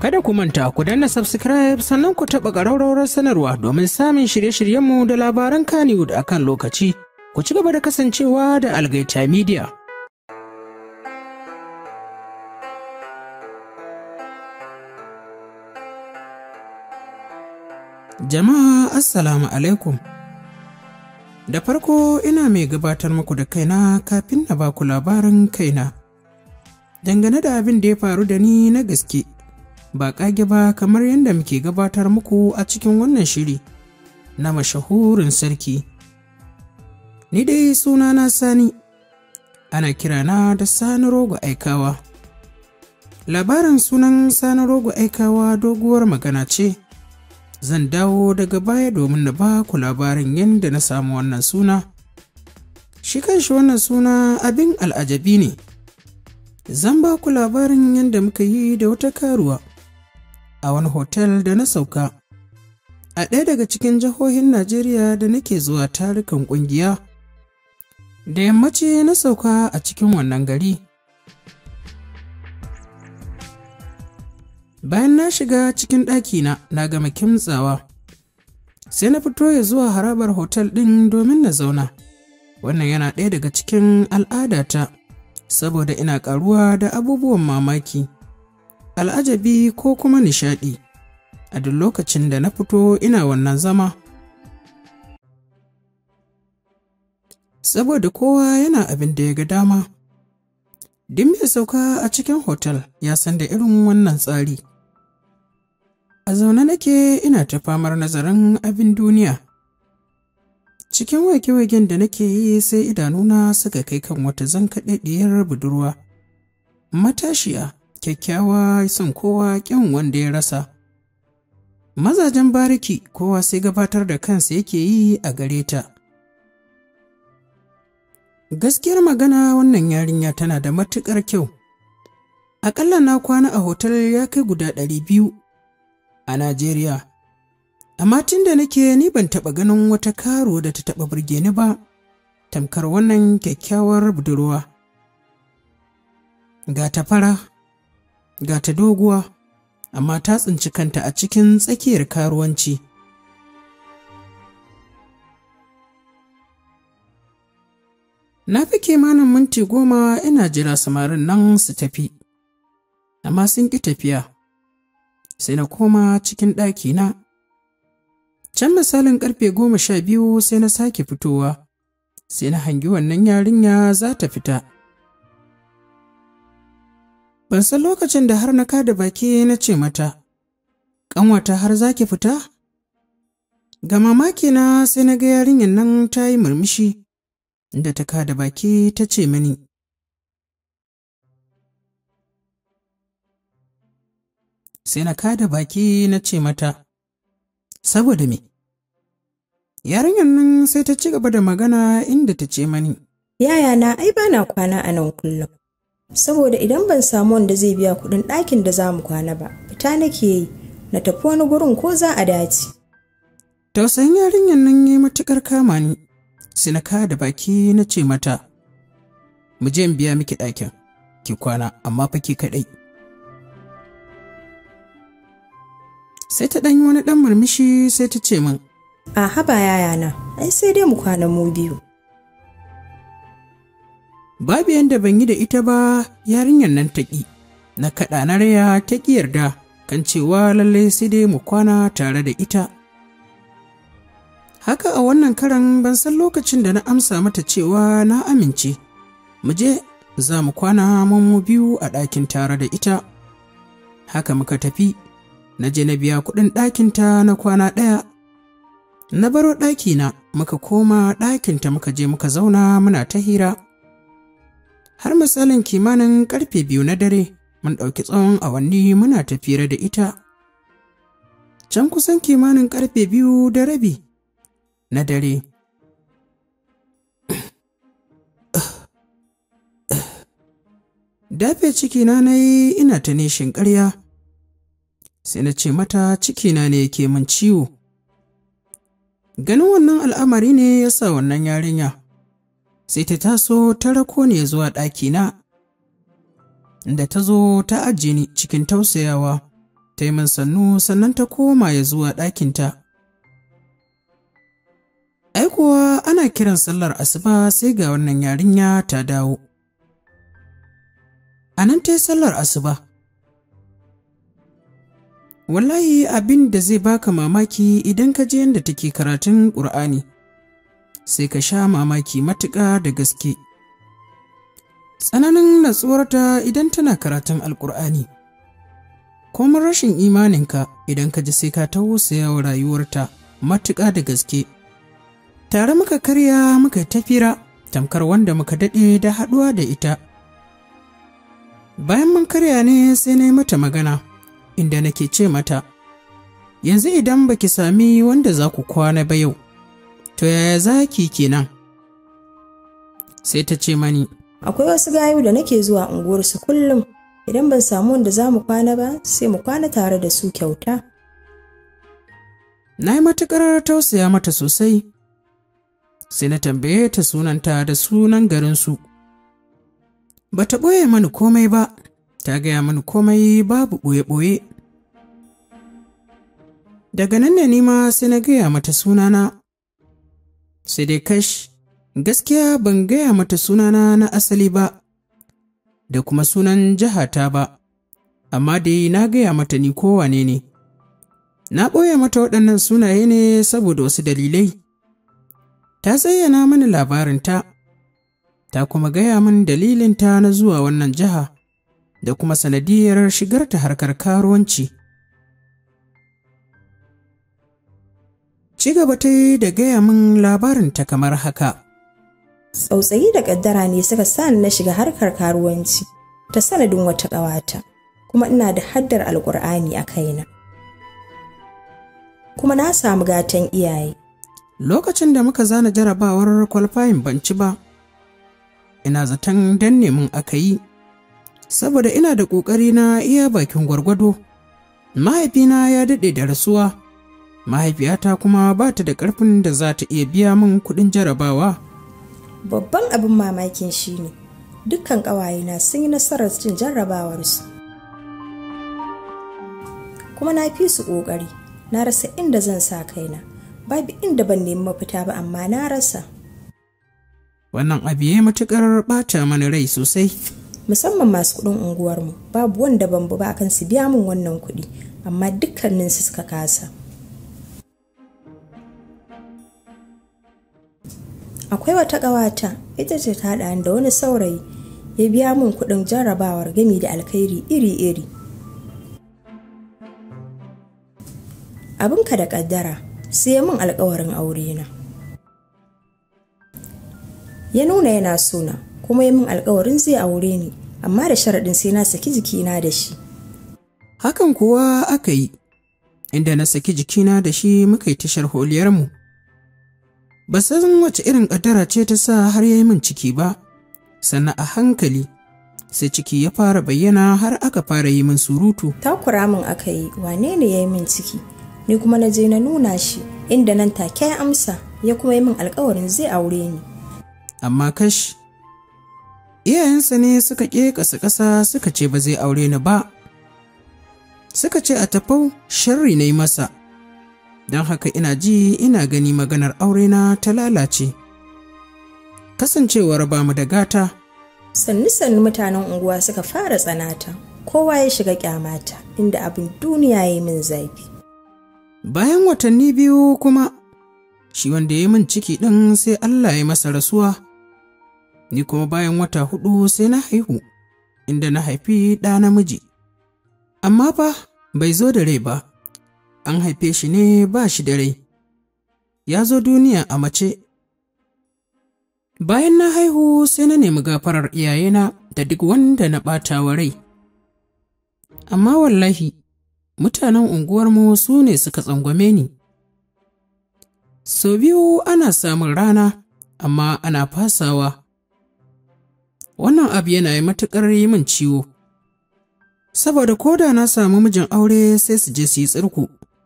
Kada ku manta ku danna subscribe sannan ku taɓa ƙararrawar sanarwa domin samun shirye-shiryenmu da labaran Kannywood a kan lokaci. Ku ci gaba da kasancewa da Algaita Media. Jama'a Assalamu alaikum. Da farko ina mai gabatar muku da kaina kafin na baku labarin kaina. Dangane da abin da ya faru da ni na gaske. ba ƙage ba kamar yadda muke gabatar muku a cikin wannan shiri na mashahurin sarki. Ni dai suna na Sani, ana kirana da Sani Rogo Aikawa. Labarin sunan Sani Rogo Aikawa doguwar magana ce, zan dawo daga baya domin na ba ku labarin yadda na samu wannan suna. Shi kanshi wannan suna abin al'ajabi ne. Zan ba ku labarin yadda muka yi da wata karuwa. a wani hotel da na sauka. A ɗaya daga cikin jihohin Najeriya da nake zuwa tarukan ƙungiya, da yammaci na sauka a cikin wannan gari. Bayan na shiga cikin ɗakina na gama kimtsawa, sai na fito ya zuwa harabar hotel ɗin domin na zauna. Wannan yana ɗaya daga cikin al'adata, saboda ina ƙaruwa da abubuwan mamaki. al'ajabi ko kuma nishaɗi a duk lokacin da na fito ina wannan zama saboda kowa yana abin da ya ga dama duk mai sauka a cikin hotel ya san da irin wannan tsari a zaune nake ina ta famar nazarin abin duniya cikin wake-waken da nake yi sai idanuna suka kai kan wata zankaɗaɗɗiyar budurwa matashiya kyakkyawa son kowa kyan wanda ya rasa mazajen bariki kowa sai gabatar da kansa yake yi a gare ta gaskiyar magana wannan yarinya tana da matuƙar kyau aƙalla na kwana a hotel ya kai guda ɗari biyu a najeriya amma tun da nake ni ban taɓa ganin wata karo da ta taɓa burge ni ba tamkar wannan kyakkyawar budurwa ga ta fara ga ta doguwa amma ta tsinci kanta a cikin tsakiyar karuwanci na fi kimanin minti goma ina jira samarin nan su tafi amma sun ƙi tafiya sai na koma cikin ɗakina can misalin ƙarfe goma sha biyu sai na sake fitowa sai na hangi wannan yarinya za ta fita Ban san lokacin da har na kada baki na ce mata, ƙanwata har za ki fita? Ga mamaki na sai na ga yarinyar nan ta yi murmushi, da ta kada baki ta ce mani. Sai na kada baki na ce mata, saboda me? Yarinyar nan sai ta ci gaba da magana inda ta ce mani. Yaya na ai bana kwana a nan kullum. saboda idan ban samu wanda zai biya kuɗin ɗakin da za mu kwana ba fita nake yi na tafi wani gurin ko za a dace tausayin yarinyar nan ya matuƙar kama ni sinaka da baki na ce mata mu je in biya miki ɗakin ki kwana amma fa ki kaɗai sai ta ɗan wani ɗan murmushi sai ta ce min a haba yayana ai sai dai mu kwana mu biyu babu yanda ban yi da ita ba yarinyar nan ta ƙi na kaɗa na raya ta ƙi yarda kan cewa lallai sai dai mu kwana tare da ita haka a wannan karan ban san lokacin da na amsa mata cewa na amince mu je za mu kwana mu biyu a ɗakin tare da ita haka muka tafi na je na biya kuɗin ɗakinta na kwana ɗaya na baro ɗakina muka koma ɗakinta muka je muka zauna muna ta hira har misalin kimanin karfe biyu na dare mun ɗauki tsawon awanni muna tafira da ita can kusan kimanin karfe biyu da rabi na dare dafe cikina na yi ina ta nishin ƙarya sai na ce mata cikina ne yake min ciwo ganin wannan al'amari ne ya sa wannan yarinya sai ta taso ta rako ne zuwa ɗakina da ta zo ta ajiye ni cikin tausayawa ta yi sannu sannan ta koma ya zuwa ɗakinta ai kuwa ana kiran sallar asuba sai ga wannan yarinya ta dawo a nan ta yi sallar asuba wallahi abin da zai baka mamaki idan ka je yadda take karatun ƙur'ani sai ka sha mamaki matuƙa da gaske tsananin natsuwarta idan tana karatun Alƙur'ani. kuma rashin imaninka idan ka ji sai ka tausaya wa rayuwarta matuƙa da gaske tare muka karya muka tafira tamkar wanda muka daɗe da haɗuwa da ita bayan mun karya ne sai na yi mata magana inda nake ce mata yanzu idan baki sami wanda za ku kwana ba yau to yaya zaki kenan sai ta ce mani akwai wasu gayu da nake zuwa unguwarsu kullum idan ban samu wanda za mu kwana ba sai mu kwana tare da su kyauta na yi matuƙar tausaya mata sosai sai na tambaye ta sunanta da sunan garinsu ba ta ɓoye mani komai ba ta gaya mani komai babu ɓoye-ɓoye daga nan da nima sai na gaya mata sunana sai dai kash gaskiya ban gaya mata sunana na asali ba da kuma sunan jihata ba amma dai na gaya mata ni kowane ne na ɓoye mata waɗannan sunaye ne saboda wasu dalilai ta zayyana mini labarinta ta kuma gaya min dalilinta na zuwa wannan jiha da kuma sanadiyar shigar ta harkar karuwanci Ci gaba ta yi da gaya min ta kamar haka. Tsautsayi da ƙaddara ne suka sani na shiga harkar karuwanci ta sanadin wata ƙawata, kuma ina da haddar alƙur'ani a kaina. Kuma na samu gatan iyaye. Lokacin da muka zana jarabawar kwalfayin ban ci ba, ina zaton don neman aka yi, saboda ina da ƙoƙari na iya bakin gwargwado. Mahaifina ya daɗe da rasuwa, mahaifiyata kuma ba ta da ƙarfin da za ta iya biya min kuɗin jarabawa. Babban abin mamakin shi ne, dukkan ƙawayena sun yi nasarar cin jarrabawarsu. Kuma na fi su ƙoƙari, na rasa inda zan sa kaina, babu inda ban nemi mafita ba amma na rasa. Wannan abu ya matuƙar ɓata mana rai sosai. Musamman masu kuɗin unguwarmu, babu wanda ban bu ba akan su biya min wannan kuɗi, amma su suka kasa. akwai wata ƙawata ita ce ta haɗa da wani saurayi ya biya min kuɗin jarrabawar gami da alkhairi iri-iri abinka da ƙaddara sai ya min alkawarin aure na ya nuna yana sona kuma ya min alkawarin zai aure ni amma da sharaɗin sai na saki jikina da shi hakan kuwa aka yi inda na saki jikina da shi muka yi tashar holiyarmu ba san wace irin ƙaddara ce ta sa har ya yi min ciki ba sannan a hankali sai ciki ya fara bayyana har aka fara yi min surutu takura min aka yi wane ne ya yi min ciki ni kuma na je na nuna shi inda nan take ya amsa ya kuma yi min alkawarin zai aure ni amma kash iyayensa ne suka ƙe ƙasa suka ce ba zai aure ni ba suka ce a tafau sharri na yi masa don haka ina ji ina gani maganar aure na ta lalace kasancewar ba mu da gata sannu-sannu mutanen unguwa suka fara tsanata kowa ya shiga kyamata inda abin duniya ya yi min zafi bayan watanni biyu kuma shi wanda ya yi min ciki ɗin sai allah ya masa rasuwa ni kuma bayan wata hudu sai na haihu inda na haifi ɗa namiji amma ba bai zo da rai ba an haife shi ne ba shi dare. ya zo duniya a mace. Bayan na haihu sai na nemi gafarar iyayena da duk wanda na ɓata wa rai. Amma wallahi, mutanen unguwarmu su ne suka tsangwame ni. Sau biyu ana samun rana, amma ana fasawa. Wannan abu yana yi matuƙar yi min ciwo. saboda ko da na samu mijin aure sai su je su yi tsirku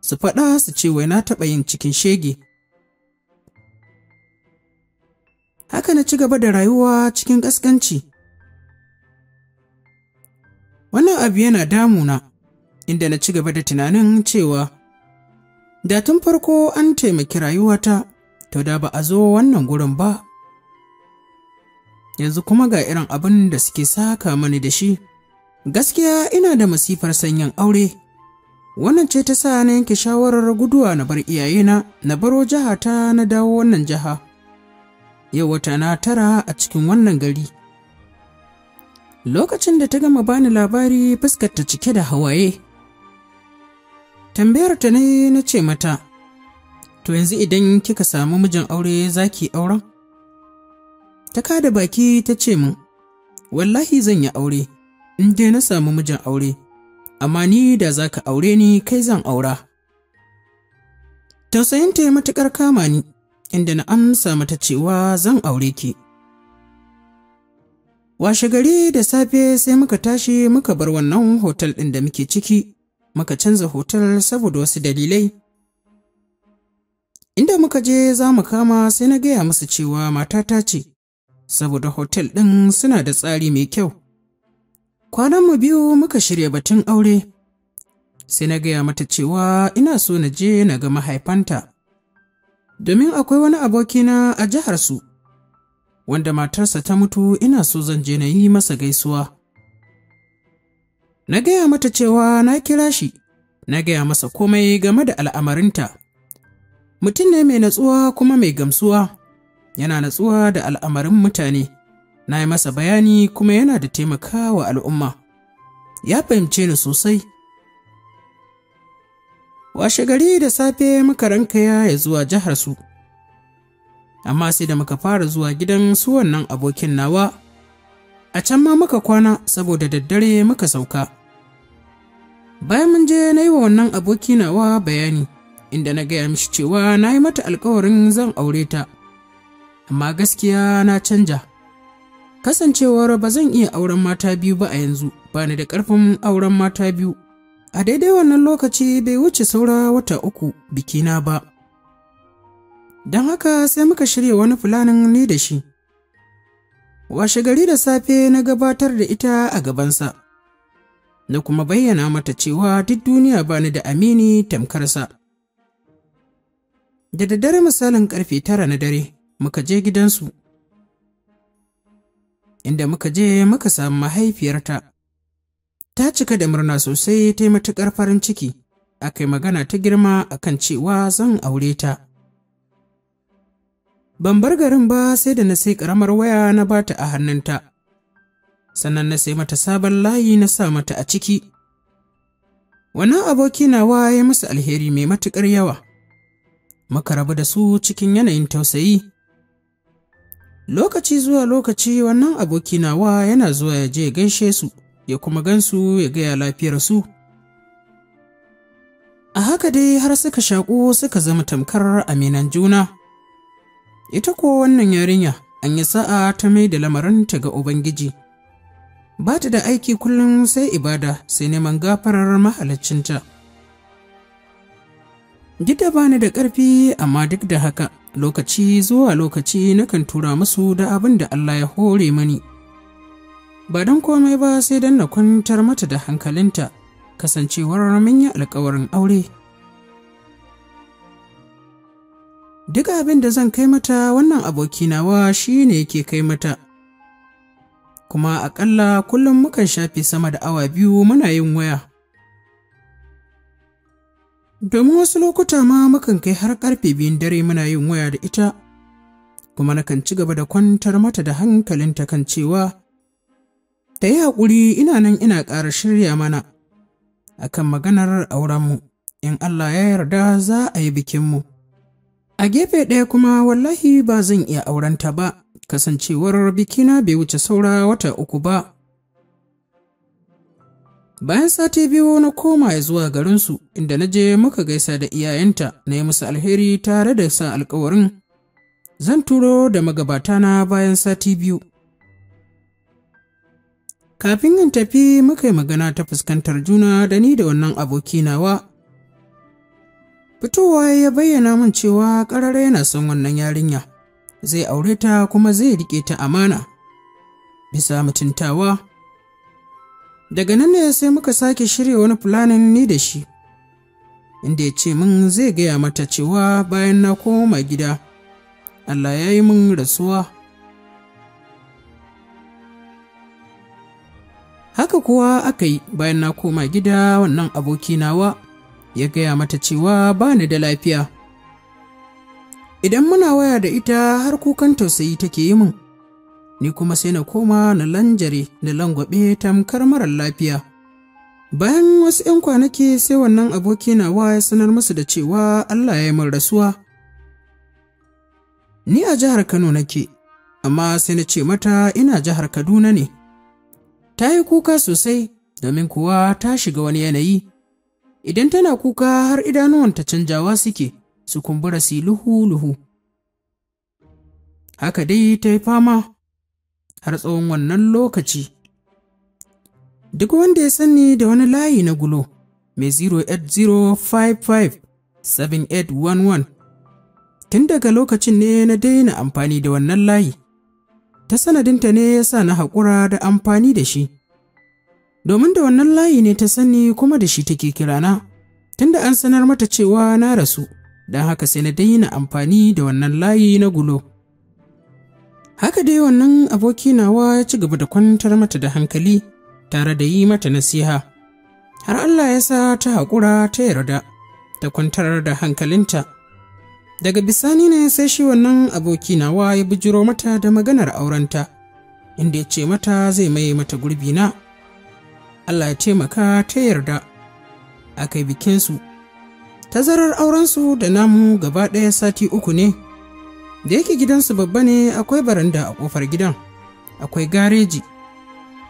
su faɗa su ce wai na taɓa yin cikin shege haka na ci gaba da rayuwa cikin ƙasƙanci wannan abu yana damuna inda na ci gaba da tunanin cewa da tun farko an taimaki rayuwata to da ba a zo wannan gurin ba yanzu kuma ga irin abin da suke saka mani da shi gaskiya ina da masifar sanyin aure Wannan ce ta sa na yanke shawarar guduwa na bar iyayena na baro jiha ta na dawo wannan jiha. Yau wata na tara a cikin wannan gari. Lokacin da ta gama bani labari fuskar ta cike da hawaye. Tambayar ta ne na ce mata, To yanzu idan kika samu mijin aure za ki auren? Ta kada baki ta ce min, Wallahi zan yi aure, in dai na samu mijin aure. amma ni da za ka aure ni kai zan aura. Tausayinta ya matuƙar kama ni, inda na amsa mata cewa zan aure ki. Washe gari da safe sai muka tashi muka bar wannan hotel ɗin da muke ciki, muka canza hotel saboda wasu dalilai. Inda muka je za mu kama sai na gaya musu cewa matata ce, saboda hotel ɗin suna da tsari mai kyau. Kwananmu biyu muka shirya batun aure, sai na gaya mata cewa ina so na je na ga mahaifanta, domin akwai wani abokina a jiharsu, wanda matarsa ta mutu ina so zan je na yi masa gaisuwa. Na gaya mata cewa na kira shi, na gaya masa komai game da al'amarinta. Mutum ne mai natsuwa kuma mai gamsuwa, yana natsuwa da al'amarin mutane. na yi masa bayani kuma yana da taimaka wa al'umma ya fahimce ni sosai washe gari da safe muka rankaya ya zuwa jihar su amma sai da muka fara zuwa gidan su wannan abokin nawa a can ma muka kwana saboda daddare muka sauka bayan mun je na yi wa wannan aboki nawa bayani inda na gaya mishi cewa na yi mata alkawarin zan aure ta amma gaskiya na canja Kasancewar ba zan iya auren mata biyu ba a yanzu, ba ni da ƙarfin auren mata biyu. A daidai wannan lokaci bai wuce saura wata uku bikina ba. Don haka sai muka shirya wani fulanin ni da shi. Washe gari da safe na gabatar da ita a gabansa, na kuma bayyana mata cewa duk duniya ba ni da amini tamkarsa. Da daddare misalin karfe tara na dare, muka je gidansu. inda muka je muka samu mahaifiyarta. Ta cika da murna sosai ta yi matuƙar farin ciki, aka yi magana ta girma akan cewa zan aure ta. Ban bar garin ba sai da na sai ƙaramar waya na bata a hannunta, sannan na sai mata sabon layi na sa mata a ciki. Wani aboki nawa ya musu alheri mai matuƙar yawa, muka rabu da su cikin yanayin tausayi. lokaci zuwa lokaci wannan aboki nawa yana zuwa ya je gaishe su ya kuma gansu ya gaya lafiyar su a haka dai har suka shaƙo suka zama tamkar aminan juna ita ko wannan yarinya an yi sa'a ta mai da lamarinta ga ubangiji ba ta da aiki kullum sai ibada sai neman gafarar mahaliccinta gida ba ni da ƙarfi amma duk da haka lokaci zuwa lokaci nakan tura musu da abin da Allah ya hore mani. Ba don komai ba sai don na kwantar mata da hankalinta, kasancewar mun yi alkawarin aure. Duk abin da zan kai mata wannan aboki nawa shi ne yake kai mata. Kuma aƙalla kullum mukan shafi sama da awa biyu muna yin waya. Domin wasu lokuta ma mukan kai har ƙarfe biyun dare muna yin waya da ita, kuma kan ci gaba da kwantar mata da hankalinta kan cewa, Ta yi haƙuri ina nan ina ƙara shirya mana a kan maganar aurenmu, in Allah ya yarda za a yi bikinmu. A gefe ɗaya kuma wallahi ba zan iya aurenta ba, kasancewar bikina bai wuce saura wata uku ba. Bayan sati biyu na koma ya zuwa garinsu inda na je muka gaisa da iyayenta na yi musu alheri tare da sa alkawarin zan turo da magabata na bayan sati biyu. Kafin in tafi muka yi magana ta fuskantar juna da ni da wannan aboki nawa. Fitowa ya bayyana min cewa ƙarara yana son wannan yarinya, zai aure ta kuma zai riƙe ta amana. Bisa mutuntawa. daga nan ne sai muka sake shirya wani fulanin ni da shi inda ya ce min zai gaya mata cewa bayan na koma gida allah ya yi min rasuwa haka kuwa aka yi bayan na koma gida wannan aboki nawa ya gaya mata cewa ba ni da lafiya idan muna waya da ita har kukan tausayi take yi min ni kuma sai na koma na lanjare da langwabe tamkar marar lafiya. Bayan wasu ‘yan kwanaki sai wannan aboki nawa ya sanar musu da cewa Allah ya yi min rasuwa. Ni a jihar Kano nake, amma sai na ce mata ina jihar Kaduna ne. Ta yi kuka sosai domin kuwa ta shiga wani yanayi. Idan tana kuka har idanuwanta canjawa suke, su kumbura su luhu-luhu. Haka dai ta yi fama har tsawon wannan lokaci duk wanda ya sani da wani layi na gulo mai 08055-7811 tun daga lokacin ne na daina amfani da wannan layi ta sanadinta ne ya sa na haƙura da amfani da shi domin da wannan layi ne ta sani kuma da shi take kirana tunda an sanar mata cewa na rasu don haka sai na daina amfani da wannan layi na gulo. Haka dai wannan aboki nawa ya ci gaba da kwantar mata da hankali tare da yi mata nasiha. Har Allah ya sa ta haƙura ta yarda ta kwantar da hankalinta. Daga bisani ne sai shi wannan aboki nawa ya bijiro mata da maganar aurenta, inda ya ce mata zai mai mata gurbi na. Allah ya taimaka ta yarda a kai bikinsu. Tazarar aurensu da namu gaba ɗaya sati uku ne. da yake gidansu babba ne akwai baranda a ƙofar gidan akwai gareji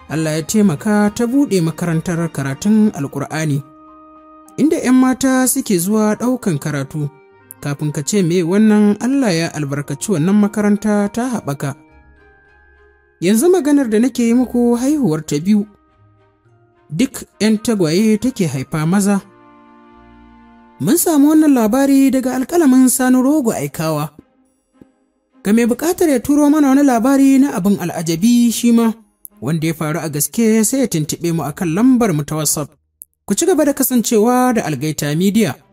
allah ya taimaka ta buɗe makarantar karatun alƙur'ani inda 'yan mata suke zuwa ɗaukan karatu kafin ka ce me wannan allah ya albarkaci wannan makaranta ta haɓaka yanzu maganar da nake yi muku haihuwar ta biyu duk 'yan tagwaye take haifa maza mun samu wannan labari daga alƙalamin sani rogo aikawa Ga mai buƙatar ya turo mana wani labari na abin al'ajabi shi ma, wanda ya faru a gaske sai ya tuntuɓe mu akan lambar mu ta WhatsApp. Ku ci gaba da kasancewa da Algaita Media.